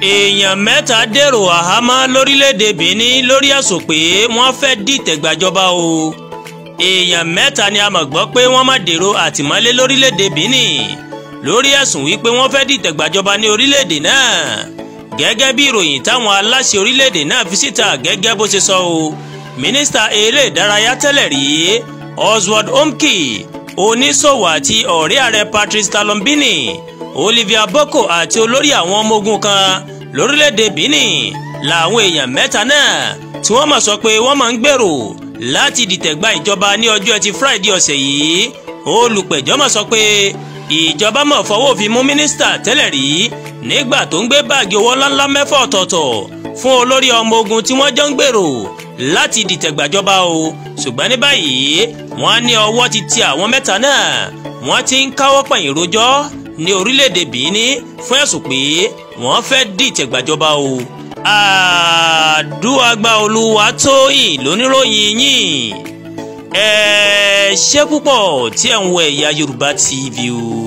èèyàn mẹ́ta dèrò àhámọ́ lórílẹ̀‐èdè Benin lórí ẹ̀sùn pé wọ́n fẹ́ dìtẹ̀gbàjọba o èèyàn mẹ́ta ni a mọ̀ gbọ́ pé wọ́n má dèrò àtìmọ́lé lórílẹ̀‐èdè Benin lórí ẹ̀sùn wípé wọ́n fẹ́ dìtẹ̀gbàjọba ní orílẹ̀‐èdè náà gẹ́gẹ́ bí ìròyìn táwọn aláṣẹ orílẹ̀‐èdè náà fi síta gẹ́gẹ́ bó ṣe sọ o mínísítà eré ìdárayá tẹ́lẹ̀ rí Oswald Omki oníṣòwò àti ọ̀rẹ́ ààrẹ Patrice Talon Olivia Boko àti olórí àwọn ọmọ ogun kan lórílẹ̀‐èdè Benin làwọn èèyàn mẹ́ta náà tí wọ́n mọ̀ sọ pé wọ́n máa ń gbèrò láti dìtẹ̀gbà ìjọba ní ọjọ́ ẹtì Friday ọ̀sẹ̀ yìí olùpẹ̀jọ́ mọ̀ sọ pé ìjọba mọ̀ fọwọ́ òfin mú mínísítà tẹ́lẹ̀ rí nígbà tó ń gbé báàgì owó ńláńlá mẹ́fà ọ̀tọ̀ọ̀tọ̀ fún olórí ọmọ ogun tí wọ́n jọ ń gbèrò láti dìtẹ̀gbàjọba o ṣùgbọ́n ní báyìí wọ́n á ní ọwọ́ ti ti àwọn mẹ́ta náà wọ́n ti ń káwọ́ pọ̀nyìn rojọ́ ní orílẹ̀-èdè Bìíní fún ẹ̀sùn pé wọ́n fẹ́ dìtẹ̀gbàjọba o. Àdúràgbà Olúwatóyìn lóníròyìn yìí ẹ ṣé púpọ̀ tí ẹ̀ ń wo Ẹ̀yà Yorùbá TV o.